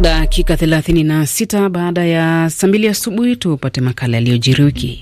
Dakika 36 baada ya saa mbili asubuhi tupate makala yaliyojiriwiki.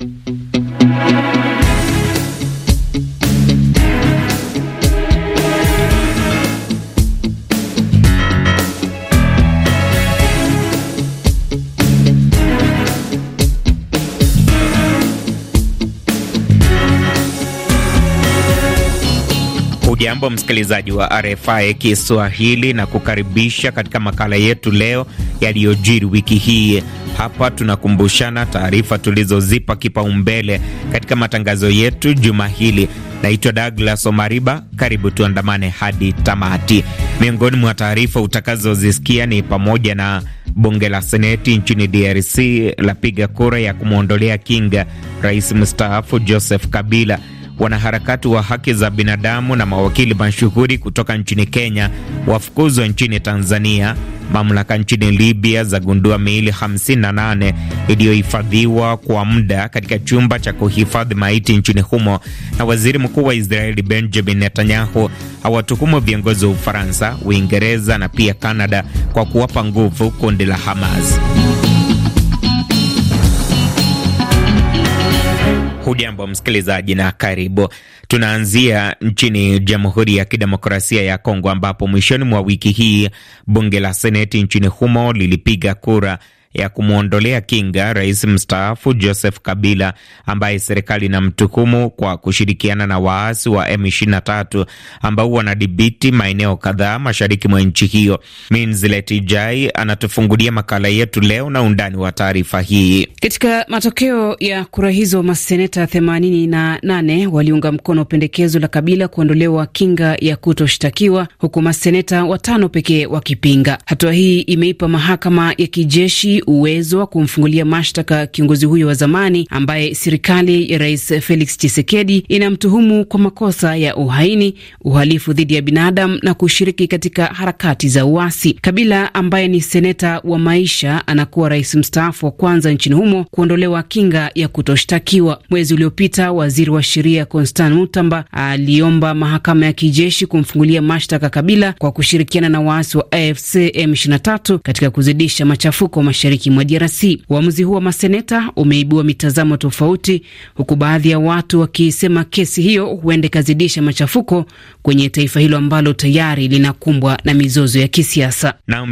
Hujambo msikilizaji wa RFI Kiswahili na kukaribisha katika makala yetu leo yaliyojiri wiki hii. Hapa tunakumbushana taarifa tulizozipa kipaumbele katika matangazo yetu juma hili. Naitwa Douglas Omariba, karibu tuandamane hadi tamati. Miongoni mwa taarifa utakazozisikia ni pamoja na bunge la seneti nchini DRC lapiga kura ya kumwondolea kinga rais mstaafu Joseph Kabila wanaharakati wa haki za binadamu na mawakili mashuhuri kutoka nchini Kenya wafukuzwa nchini Tanzania. Mamlaka nchini Libya zagundua miili 58 iliyohifadhiwa kwa muda katika chumba cha kuhifadhi maiti nchini humo, na waziri mkuu wa Israeli Benjamin Netanyahu awatuhumu viongozi wa Ufaransa, Uingereza na pia Kanada kwa kuwapa nguvu kundi la Hamas. Hujambo msikilizaji na karibu. Tunaanzia nchini Jamhuri ya Kidemokrasia ya Kongo ambapo mwishoni mwa wiki hii bunge la seneti nchini humo lilipiga kura ya kumwondolea kinga rais mstaafu Joseph Kabila ambaye serikali inamtuhumu kwa kushirikiana na waasi wa M23 ambao wanadhibiti maeneo kadhaa mashariki mwa nchi hiyo. Minzileti Jai anatufungulia makala yetu leo na undani wa taarifa hii. Katika matokeo ya kura hizo, maseneta 88 waliunga mkono pendekezo la Kabila kuondolewa kinga ya kutoshtakiwa huku maseneta watano pekee wakipinga. Hatua hii imeipa mahakama ya kijeshi uwezo wa kumfungulia mashtaka kiongozi huyo wa zamani ambaye serikali ya Rais Felix Tshisekedi inamtuhumu kwa makosa ya uhaini, uhalifu dhidi ya binadamu na kushiriki katika harakati za uasi. Kabila ambaye ni seneta wa maisha anakuwa rais mstaafu wa kwanza nchini humo kuondolewa kinga ya kutoshtakiwa. Mwezi uliopita, waziri wa sheria Constan Mutamba aliomba mahakama ya kijeshi kumfungulia mashtaka Kabila kwa kushirikiana na waasi wa AFC M23 katika kuzidisha machafuko mashariki mashariki mwa DRC. Uamuzi huo wa maseneta umeibua mitazamo tofauti, huku baadhi ya watu wakisema kesi hiyo huenda ikazidisha machafuko kwenye taifa hilo ambalo tayari linakumbwa na mizozo ya kisiasa. Na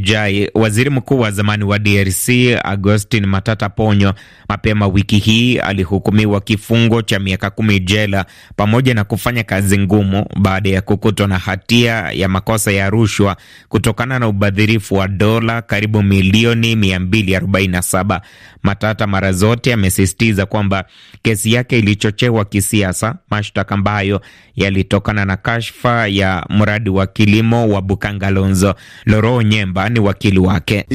Jai, waziri mkuu wa zamani wa DRC Agostin Matata Ponyo, mapema wiki hii alihukumiwa kifungo cha miaka kumi jela pamoja na kufanya kazi ngumu baada ya kukutwa na hatia ya makosa ya rushwa kutokana na ubadhirifu wa dola karibu milioni milioni 247. Matata mara zote amesisitiza kwamba kesi yake ilichochewa kisiasa, mashtaka ambayo yalitokana na kashfa ya mradi wa kilimo wa Bukangalonzo. Loro Nyemba ni wakili wake.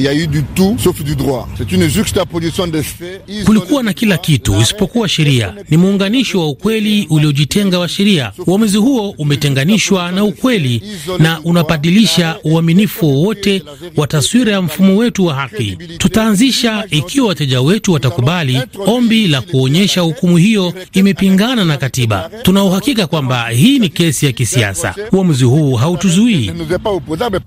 Kulikuwa na kila kitu isipokuwa sheria. Ni muunganisho wa ukweli uliojitenga wa sheria. Uamuzi huo umetenganishwa na ukweli na unabadilisha uaminifu wowote wa taswira ya mfumo wetu wa haki haki. Tutaanzisha ikiwa wateja wetu watakubali ombi la kuonyesha hukumu hiyo imepingana na katiba. Tuna uhakika kwamba hii ni kesi ya kisiasa. Uamuzi huu hautuzuii.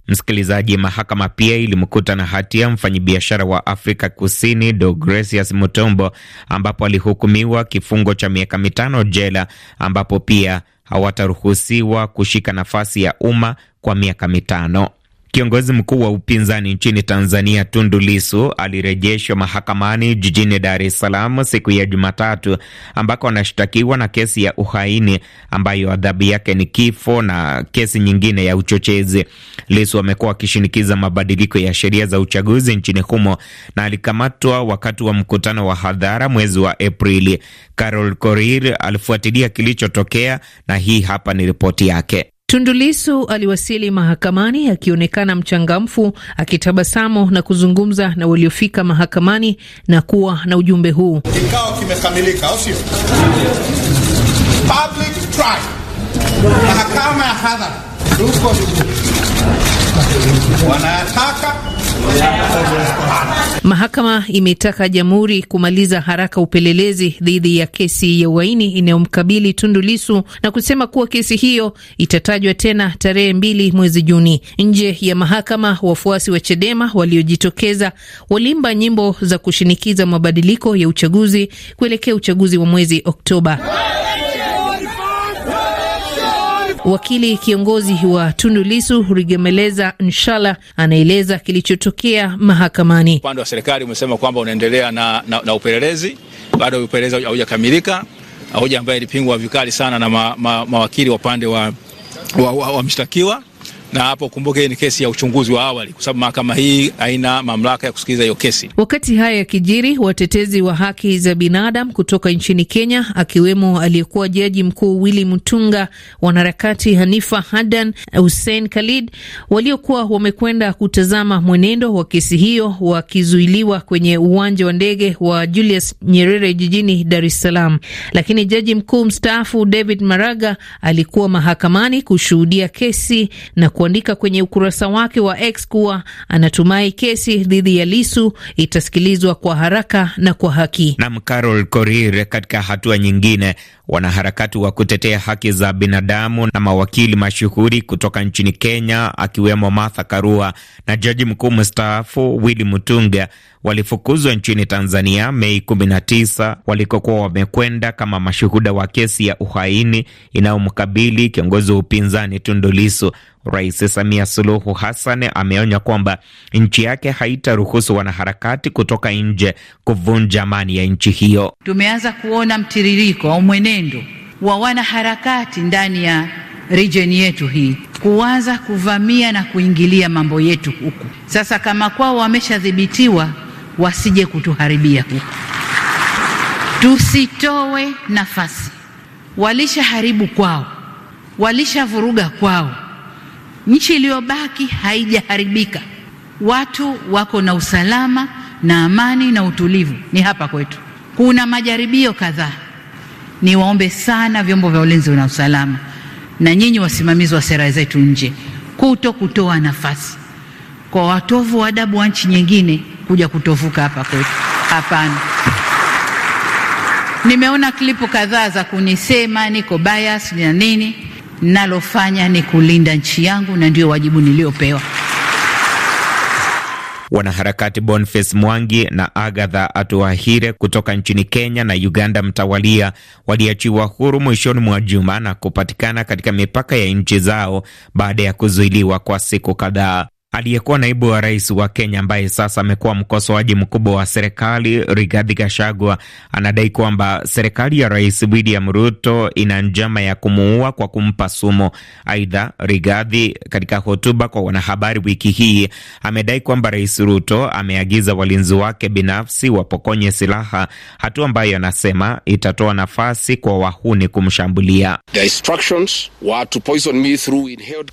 Msikilizaji, mahakama pia ilimkuta na hatia mfanyabiashara wa Afrika Kusini Deogratius Mutombo, ambapo alihukumiwa kifungo cha miaka mitano jela, ambapo pia hawataruhusiwa kushika nafasi ya umma kwa miaka mitano. Kiongozi mkuu wa upinzani nchini Tanzania Tundu lisu alirejeshwa mahakamani jijini Dar es Salaam siku ya Jumatatu, ambako anashtakiwa na kesi ya uhaini ambayo adhabu yake ni kifo na kesi nyingine ya uchochezi. lisu amekuwa akishinikiza mabadiliko ya sheria za uchaguzi nchini humo na alikamatwa wakati wa mkutano wa hadhara mwezi wa Aprili. Carol Korir alifuatilia kilichotokea na hii hapa ni ripoti yake. Tundulisu aliwasili mahakamani akionekana mchangamfu, akitabasamu na kuzungumza na waliofika mahakamani na kuwa na ujumbe huu: kikao kimekamilika, au sio? Public trial, mahakama ya hadhara, wanayataka Mahakama imetaka jamhuri kumaliza haraka upelelezi dhidi ya kesi ya uhaini inayomkabili Tundu Lisu na kusema kuwa kesi hiyo itatajwa tena tarehe mbili mwezi Juni. Nje ya mahakama, wafuasi wa Chadema waliojitokeza waliimba nyimbo za kushinikiza mabadiliko ya uchaguzi kuelekea uchaguzi wa mwezi Oktoba. Wakili kiongozi wa Tundu Lisu Rigemeleza Nshala anaeleza kilichotokea mahakamani. Upande wa serikali umesema kwamba unaendelea na, na, na upelelezi, bado upelelezi haujakamilika, hoja ambayo ilipingwa vikali sana na ma, ma, mawakili wa upande wa, wa, wa, wa mshtakiwa na hapo kumbuke, ni kesi ya uchunguzi wa awali, kwa sababu mahakama hii haina mamlaka ya kusikiliza hiyo kesi. Wakati haya yakijiri, watetezi wa haki za binadamu kutoka nchini Kenya, akiwemo aliyekuwa jaji mkuu Willy Mutunga, wanaharakati Hanifa Hadan, Hussein Khalid, waliokuwa wamekwenda kutazama mwenendo wa kesi hiyo, wakizuiliwa kwenye uwanja wa ndege wa Julius Nyerere jijini Dar es Salaam, lakini jaji mkuu mstaafu David Maraga alikuwa mahakamani kushuhudia kesi na kwa kuandika kwenye ukurasa wake wa X kuwa anatumai kesi dhidi ya Lisu itasikilizwa kwa haraka na kwa haki. Nam Carol Korir. Katika hatua nyingine, wanaharakati wa kutetea haki za binadamu na mawakili mashuhuri kutoka nchini Kenya akiwemo Martha Karua na jaji mkuu mstaafu Willy Mutunga walifukuzwa nchini Tanzania Mei 19 walikokuwa wamekwenda kama mashuhuda wa kesi ya uhaini inayomkabili kiongozi wa upinzani Tundu Lissu. Rais Samia Suluhu Hassan ameonya kwamba nchi yake haitaruhusu wanaharakati kutoka nje kuvunja amani ya nchi hiyo. Tumeanza kuona mtiririko au mwenendo wa wanaharakati ndani ya region yetu hii kuanza kuvamia na kuingilia mambo yetu huku. Sasa kama kwao wameshadhibitiwa, wasije kutuharibia huku, tusitowe nafasi. Walishaharibu kwao, walishavuruga kwao Nchi iliyobaki haijaharibika, watu wako na usalama na amani na utulivu, ni hapa kwetu. Kuna majaribio kadhaa. Niwaombe sana vyombo vya ulinzi na usalama na nyinyi wasimamizi wa sera zetu nje, kuto kutoa nafasi kwa watovu wa adabu wa nchi nyingine kuja kutovuka hapa kwetu. Hapana. Nimeona klipu kadhaa za kunisema niko bias na nini nalofanya ni kulinda nchi yangu, na ndio wajibu niliyopewa. Wanaharakati Boniface Mwangi na Agatha Atuahire kutoka nchini Kenya na Uganda mtawalia waliachiwa huru mwishoni mwa juma na kupatikana katika mipaka ya nchi zao baada ya kuzuiliwa kwa siku kadhaa. Aliyekuwa naibu wa rais wa Kenya ambaye sasa amekuwa mkosoaji mkubwa wa serikali, Rigathi Gachagua anadai kwamba serikali ya Rais William Ruto ina njama ya kumuua kwa kumpa sumu. Aidha, Rigathi katika hotuba kwa wanahabari wiki hii amedai kwamba Rais Ruto ameagiza walinzi wake binafsi wapokonye silaha, hatua ambayo anasema itatoa nafasi kwa wahuni kumshambulia.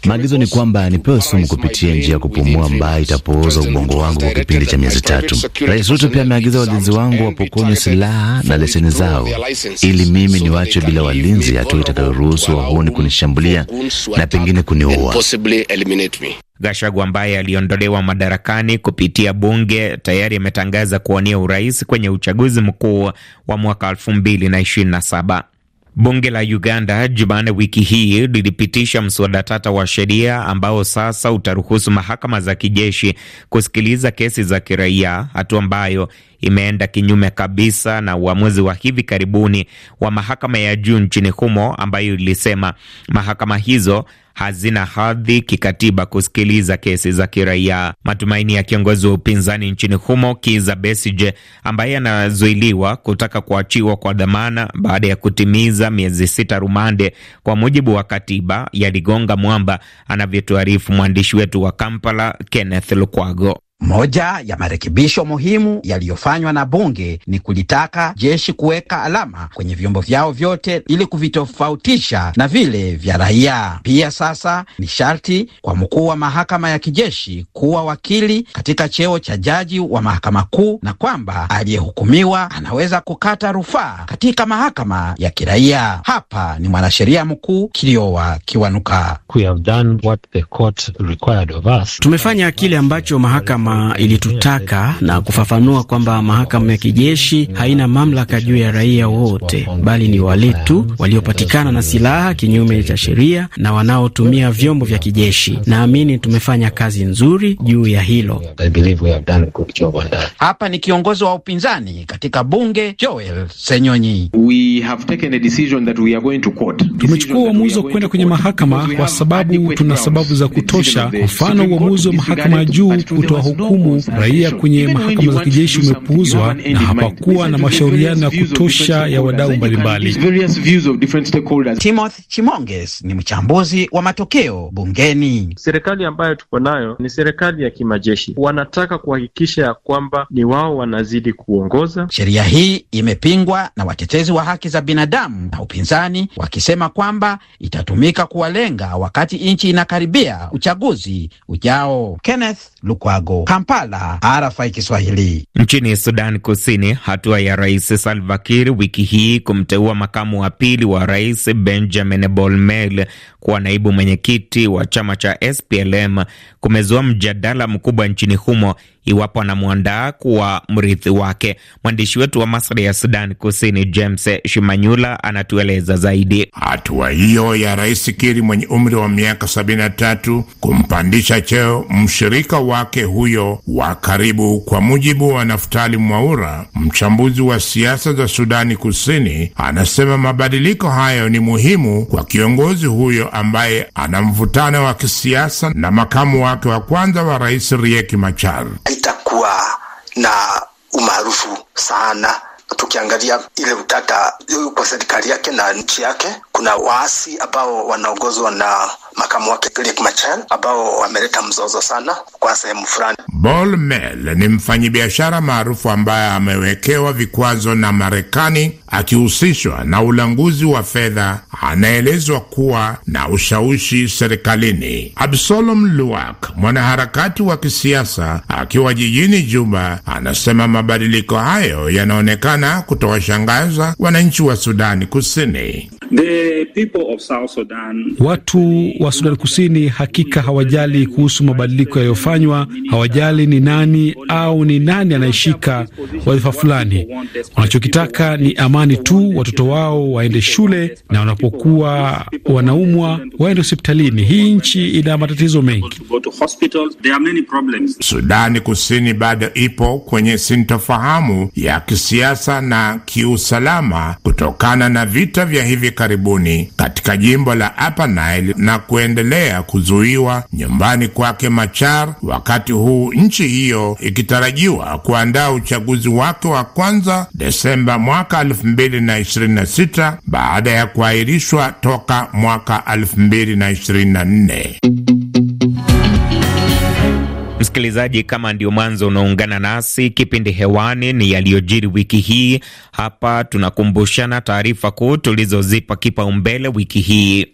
Maagizo ni kwamba nipewe sumu kupitia njia kupumua ambayo itapooza ubongo wangu kwa kipindi cha miezi tatu. Rais Ruto pia ameagiza walinzi wangu wapokonywe silaha na leseni zao, ili mimi niwachwe bila walinzi, hatua itakayoruhusu wahuni kunishambulia na pengine kuniua. Gashagu ambaye aliondolewa madarakani kupitia bunge tayari ametangaza kuwania urais kwenye uchaguzi mkuu wa mwaka 227 Bunge la Uganda Jumanne wiki hii lilipitisha mswada tata wa sheria ambao sasa utaruhusu mahakama za kijeshi kusikiliza kesi za kiraia, hatua ambayo imeenda kinyume kabisa na uamuzi wa hivi karibuni wa mahakama ya juu nchini humo ambayo ilisema mahakama hizo hazina hadhi kikatiba kusikiliza kesi za kiraia. Matumaini ya kiongozi wa upinzani nchini humo Kiza Besije, ambaye anazuiliwa kutaka kuachiwa kwa dhamana baada ya kutimiza miezi sita rumande kwa mujibu wa katiba, yaligonga mwamba, anavyotuarifu mwandishi wetu wa Kampala, Kenneth Lukwago. Moja ya marekebisho muhimu yaliyofanywa na bunge ni kulitaka jeshi kuweka alama kwenye vyombo vyao vyote ili kuvitofautisha na vile vya raia. Pia sasa ni sharti kwa mkuu wa mahakama ya kijeshi kuwa wakili katika cheo cha jaji wa mahakama kuu, na kwamba aliyehukumiwa anaweza kukata rufaa katika mahakama ya kiraia. Hapa ni mwanasheria mkuu Kiliowa Kiwanuka. We have done what the court required of us. Tumefanya kile ambacho mahakama mahakama ilitutaka na kufafanua kwamba mahakama ya kijeshi haina mamlaka juu ya raia wote, bali ni wale tu waliopatikana na silaha kinyume cha sheria na wanaotumia vyombo vya kijeshi. Naamini tumefanya kazi nzuri juu ya hilo. Hapa ni kiongozi wa upinzani katika bunge Joel Senyonyi. Tumechukua uamuzi wa kwenda kwenye mahakama kwa sababu tuna sababu za kutosha, kwa mfano uamuzi wa mahakama ya juu kutoa kuwahukumu raia kwenye mahakama za kijeshi umepuuzwa na hapakuwa na mashauriano ya kutosha ya wadau mbalimbali. Timothy Chimonges ni mchambuzi wa matokeo bungeni. Serikali ambayo tuko nayo ni serikali ya kimajeshi, wanataka kuhakikisha ya kwamba ni wao wanazidi kuongoza. Sheria hii imepingwa na watetezi wa haki za binadamu na upinzani wakisema kwamba itatumika kuwalenga wakati nchi inakaribia uchaguzi ujao. Kenneth Lukwago, Kampala, RFI Kiswahili. Nchini Sudan Kusini, hatua ya Rais Salva Kiir wiki hii kumteua makamu wa pili wa rais Benjamin Bolmel kuwa naibu mwenyekiti wa chama cha SPLM kumezua mjadala mkubwa nchini humo iwapo anamwandaa kuwa mrithi wake. Mwandishi wetu wa masri ya Sudan Kusini, James Shimanyula, anatueleza zaidi. Hatua hiyo ya Rais Kiri mwenye umri wa miaka 73 kumpandisha cheo mshirika wake huyo wa karibu, kwa mujibu wa Naftali Mwaura, mchambuzi wa siasa za Sudani Kusini, anasema mabadiliko hayo ni muhimu kwa kiongozi huyo ambaye ana mvutano wa kisiasa na makamu wake wa kwanza wa rais rieki Machar itakuwa na umaarufu sana, tukiangalia ile utata kwa serikali yake na nchi yake kuna waasi ambao wanaongozwa na makamu wake Riek Machar ambao wameleta mzozo sana kwa sehemu fulani. Bol Mel ni mfanyabiashara maarufu ambaye amewekewa vikwazo na Marekani akihusishwa na ulanguzi wa fedha, anaelezwa kuwa na ushawishi serikalini. Absalom Luak, mwanaharakati wa kisiasa akiwa jijini Juba, anasema mabadiliko hayo yanaonekana kutowashangaza wananchi wa Sudani Kusini. The people of South Sudan, watu wa Sudan Kusini hakika hawajali kuhusu mabadiliko yaliyofanywa, hawajali ni nani au ni nani anayeshika wadhifa fulani. Wanachokitaka ni amani tu, watoto wao waende shule na wanapokuwa wanaumwa waende hospitalini. Hii nchi ina matatizo mengi. Sudani Kusini bado ipo kwenye sintofahamu ya kisiasa na kiusalama kutokana na vita vya hivi karibuni katika jimbo la Upper Nile na kuendelea kuzuiwa nyumbani kwake Machar, wakati huu nchi hiyo ikitarajiwa kuandaa uchaguzi wake wa kwanza Desemba mwaka 2026 baada ya kuahirishwa toka mwaka 2024. Msikilizaji, kama ndio mwanzo unaungana nasi, kipindi hewani ni yaliyojiri wiki hii. Hapa tunakumbushana taarifa kuu tulizozipa kipaumbele wiki hii.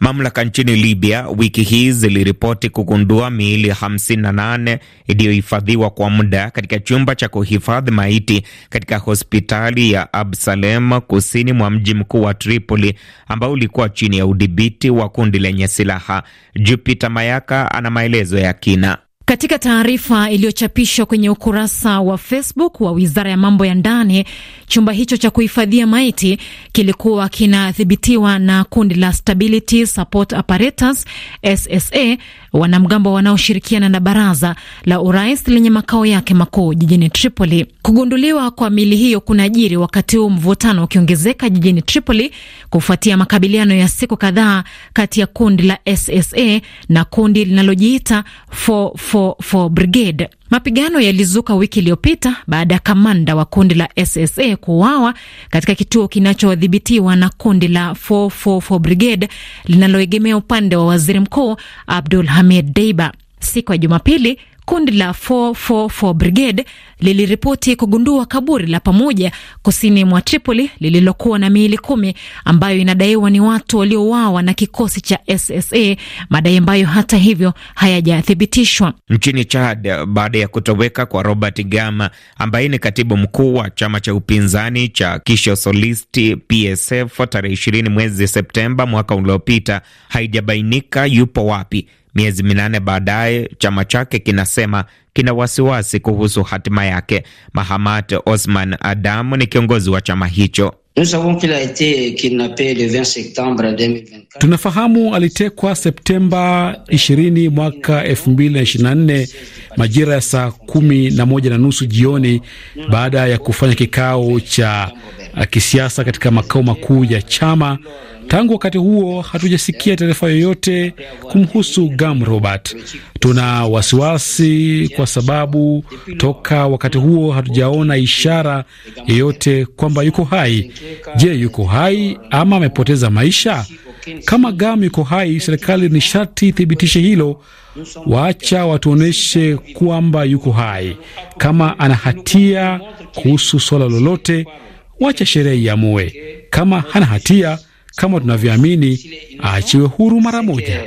Mamlaka nchini Libya wiki hii ziliripoti kugundua miili 58 iliyohifadhiwa kwa muda katika chumba cha kuhifadhi maiti katika hospitali ya Absalem kusini mwa mji mkuu wa Tripoli ambao ulikuwa chini ya udhibiti wa kundi lenye silaha. Jupiter Mayaka ana maelezo ya kina. Katika taarifa iliyochapishwa kwenye ukurasa wa Facebook wa wizara ya mambo ya ndani, chumba hicho cha kuhifadhia maiti kilikuwa kinadhibitiwa na kundi la Stability Support Apparatus SSA, wanamgambo wanaoshirikiana na baraza la urais lenye makao yake makuu jijini Tripoli. Kugunduliwa kwa mili hiyo kunajiri wakati huu mvutano ukiongezeka jijini Tripoli kufuatia makabiliano ya siku kadhaa kati ya kundi la SSA na kundi linalojiita 444 Brigade. Mapigano yalizuka wiki iliyopita baada ya kamanda wa kundi la SSA kuuawa katika kituo kinachodhibitiwa na kundi la 444 Brigade linaloegemea upande wa waziri mkuu Abdul Hamid Deiba siku ya Jumapili kundi la 444 Brigade liliripoti kugundua kaburi la pamoja kusini mwa Tripoli lililokuwa na miili kumi ambayo inadaiwa ni watu waliouawa na kikosi cha SSA, madai ambayo hata hivyo hayajathibitishwa. Nchini Chad, baada ya kutoweka kwa Robert Gama ambaye ni katibu mkuu wa chama cha upinzani cha Kisho Solisti PSF tarehe 20 mwezi Septemba mwaka uliopita, haijabainika yupo wapi. Miezi minane baadaye, chama chake kinasema kina wasiwasi kuhusu hatima yake. Mahamat Osman Adamu ni kiongozi wa chama hicho. Tunafahamu alitekwa Septemba 20 mwaka 2024 majira ya saa kumi na moja na nusu jioni baada ya kufanya kikao cha kisiasa katika makao makuu ya chama. Tangu wakati huo hatujasikia taarifa yoyote kumhusu Gam Robert. Tuna wasiwasi kwa sababu toka wakati huo hatujaona ishara yoyote kwamba yuko hai. Je, yuko hai ama amepoteza maisha? Kama Gam yuko hai, serikali ni sharti ithibitishe hilo. Waacha watuonyeshe kwamba yuko hai. Kama ana hatia kuhusu swala lolote, wacha sheria iamue. Kama hana hatia kama tunavyoamini, aachiwe huru mara moja.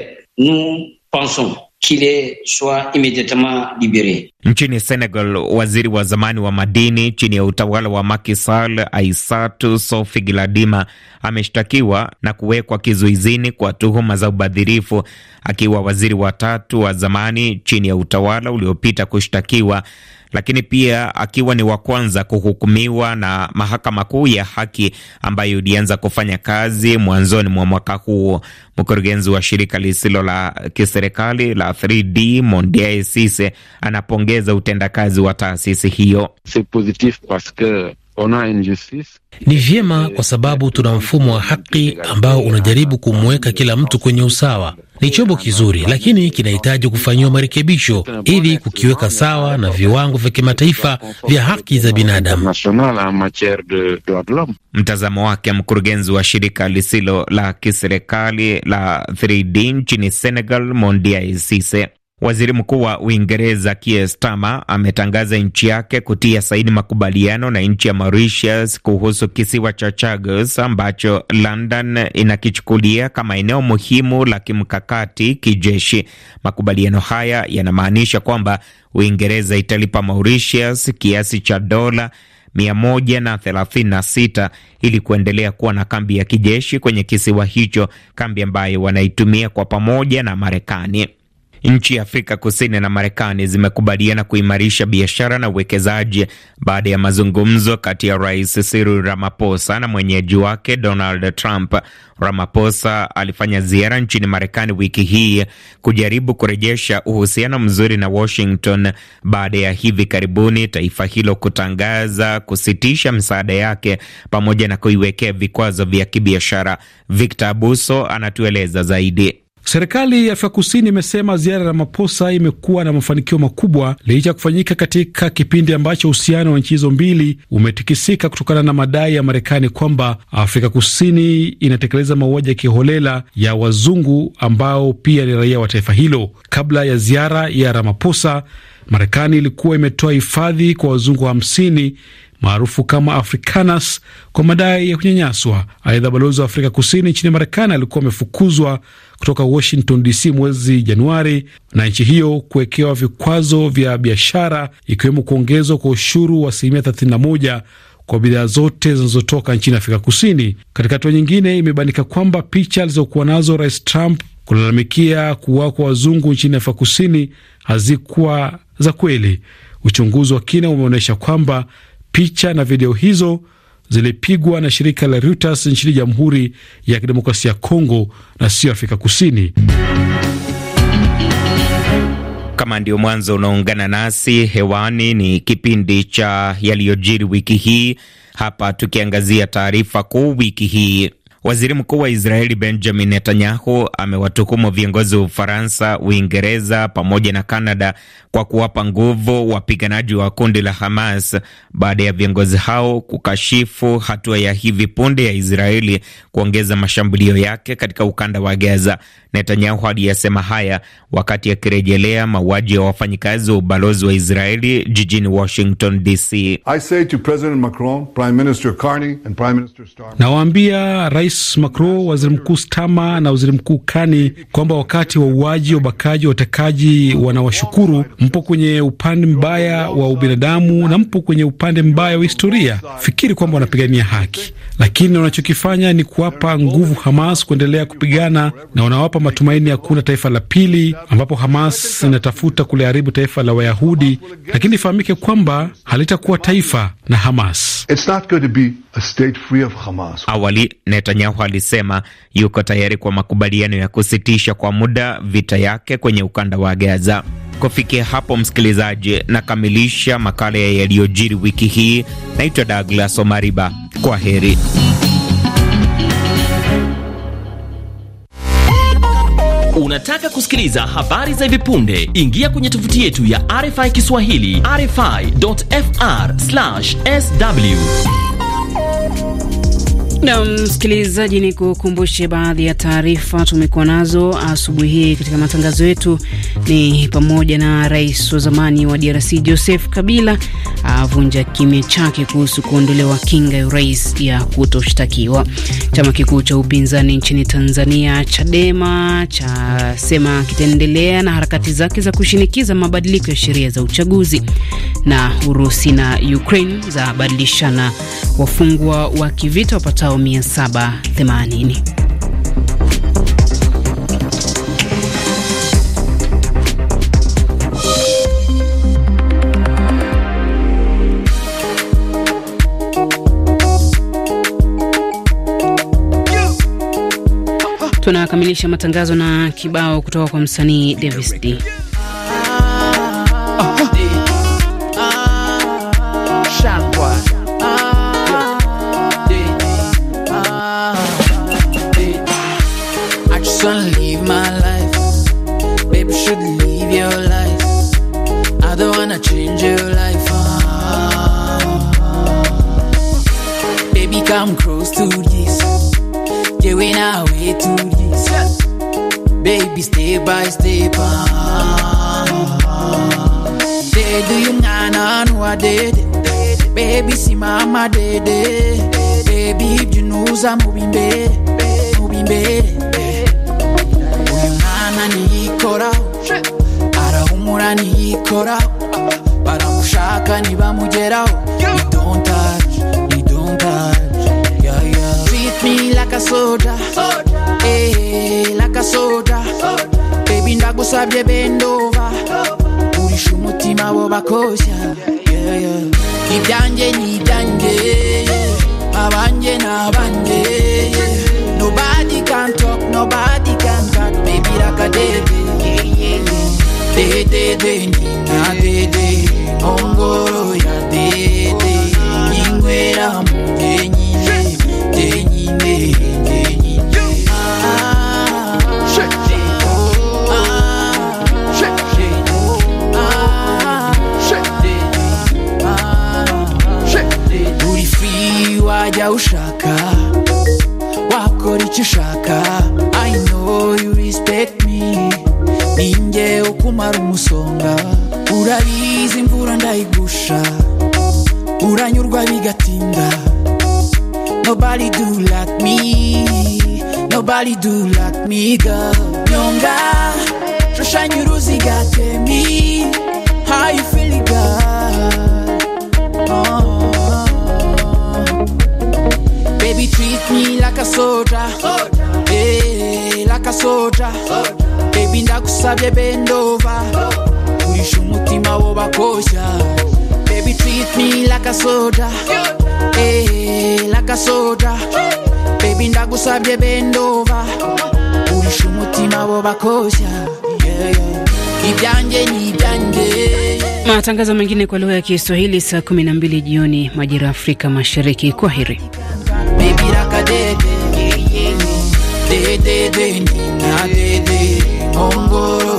Nchini Senegal, waziri wa zamani wa madini chini ya utawala wa Macky Sall, Aissatou Sophie Gladima, ameshtakiwa na kuwekwa kizuizini kwa tuhuma za ubadhirifu, akiwa waziri wa tatu wa zamani chini ya utawala uliopita kushtakiwa lakini pia akiwa ni wa kwanza kuhukumiwa na mahakama kuu ya haki ambayo ilianza kufanya kazi mwanzoni mwa mwaka huu. Mkurugenzi wa shirika lisilo la kiserikali la 3D Mondiae Cisse anapongeza utendakazi wa taasisi hiyo. Ni vyema kwa sababu tuna mfumo wa haki ambao unajaribu kumweka kila mtu kwenye usawa. Ni chombo kizuri, lakini kinahitaji kufanyiwa marekebisho ili kukiweka sawa na viwango vya kimataifa vya haki za binadamu. Mtazamo wake mkurugenzi wa shirika lisilo la kiserikali la 3D nchini Senegal, Mondiae Waziri Mkuu wa Uingereza Keir Starmer ametangaza nchi yake kutia saini makubaliano na nchi ya Mauritius kuhusu kisiwa cha Chagos ambacho London inakichukulia kama eneo muhimu la kimkakati kijeshi. Makubaliano haya yanamaanisha kwamba Uingereza italipa Mauritius kiasi cha dola 136 ili kuendelea kuwa na kambi ya kijeshi kwenye kisiwa hicho, kambi ambayo wanaitumia kwa pamoja na Marekani. Nchi ya Afrika Kusini na Marekani zimekubaliana kuimarisha biashara na uwekezaji baada ya mazungumzo kati ya Rais Cyril Ramaphosa na mwenyeji wake Donald Trump. Ramaphosa alifanya ziara nchini Marekani wiki hii kujaribu kurejesha uhusiano mzuri na Washington baada ya hivi karibuni taifa hilo kutangaza kusitisha msaada yake pamoja na kuiwekea vikwazo vya kibiashara. Victor Abuso anatueleza zaidi. Serikali ya Afrika Kusini imesema ziara ya Ramaphosa imekuwa na mafanikio makubwa licha ya kufanyika katika kipindi ambacho uhusiano wa nchi hizo mbili umetikisika kutokana na madai ya Marekani kwamba Afrika Kusini inatekeleza mauaji ya kiholela ya wazungu ambao pia ni raia wa taifa hilo. Kabla ya ziara ya Ramaphosa, Marekani ilikuwa imetoa hifadhi kwa wazungu hamsini maarufu kama Afrikaners kwa madai ya kunyanyaswa. Aidha, balozi wa Afrika Kusini nchini Marekani alikuwa amefukuzwa kutoka Washington DC mwezi Januari na nchi hiyo kuwekewa vikwazo vya biashara ikiwemo kuongezwa kwa ushuru wa asilimia 31 kwa bidhaa zote zinazotoka nchini Afrika Kusini. Katika hatua nyingine, imebainika kwamba picha alizokuwa nazo Rais Trump kulalamikia kuwakwa wazungu nchini Afrika Kusini hazikuwa za kweli. Uchunguzi wa kina umeonyesha kwamba picha na video hizo zilipigwa na shirika la Reuters nchini Jamhuri ya Kidemokrasia ya Kongo na sio Afrika Kusini. Kama ndio mwanzo unaungana nasi hewani, ni kipindi cha yaliyojiri wiki hii hapa, tukiangazia taarifa kuu wiki hii. Waziri mkuu wa Israeli Benjamin Netanyahu amewatuhumu viongozi wa Ufaransa, Uingereza pamoja na Kanada kwa kuwapa nguvu wapiganaji wa kundi la Hamas baada ya viongozi hao kukashifu hatua ya hivi punde ya Israeli kuongeza mashambulio yake katika ukanda wa Gaza. Netanyahu aliyasema haya wakati akirejelea mauaji ya wafanyikazi wa ubalozi wa Israeli jijini Washington DC. Nawaambia rais Rais Macron, waziri mkuu Stama na waziri mkuu Kani kwamba wakati wauaji, wabakaji, watekaji wanawashukuru, mpo kwenye upande mbaya wa ubinadamu na mpo kwenye upande mbaya wa historia. Fikiri kwamba wanapigania haki, lakini wanachokifanya ni kuwapa nguvu Hamas kuendelea kupigana, na wanawapa matumaini ya kuna taifa la pili, ambapo Hamas inatafuta kuliharibu taifa la Wayahudi, lakini ifahamike kwamba halitakuwa taifa na Hamas. It's not going to be a state free of Hamas. Awali Netanyahu alisema yuko tayari kwa makubaliano ya kusitisha kwa muda vita yake kwenye ukanda wa Gaza. Kufikia hapo, msikilizaji, nakamilisha makala ya yaliyojiri wiki hii. Naitwa Douglas Omariba, kwa heri. Unataka kusikiliza habari za hivi punde? Ingia kwenye tovuti yetu ya RFI Kiswahili, rfi.fr/sw. Na msikilizaji, ni kukumbushe baadhi ya taarifa tumekuwa nazo asubuhi hii katika matangazo yetu ni pamoja na rais wa zamani wa DRC Joseph Kabila avunja kimya chake kuhusu kuondolewa kinga ya urais ya kutoshtakiwa. Chama kikuu cha upinzani nchini Tanzania Chadema chasema kitaendelea na harakati zake za kushinikiza mabadiliko ya sheria za uchaguzi, na Urusi na Ukraine za badilishana wafungwa wa kivita wapatao 780. Tunakamilisha matangazo na kibao kutoka kwa msanii Davis D. you nah nah know Baby, see mama did Baby, if you know I'm moving bed, moving bed. Huyu mama nilikora, arahumura nilikora, baramushaka ntibamugeraho. You don't touch, you don't touch, yeah yeah. Treat me like a soda, soda. hey eh, like a soda. soda. Baby, ndagusabye bend na wobakosha yeah, yeah. ni ibyanje abanje n'abanje nobody can talk nobody can cut baby like a baby yeah, yeah, day day day day day ushaka ngusabye bendova urisha umutima wo bakosha baby treat me like a soda eh like a soda baby ndagusabye bendova urisha umutima wo bakosha yeah, yeah. ni ibyanjye matangazo mengine kwa lugha ya Kiswahili saa 12 jioni majira Afrika Mashariki. Kwa heri. Baby, Oh.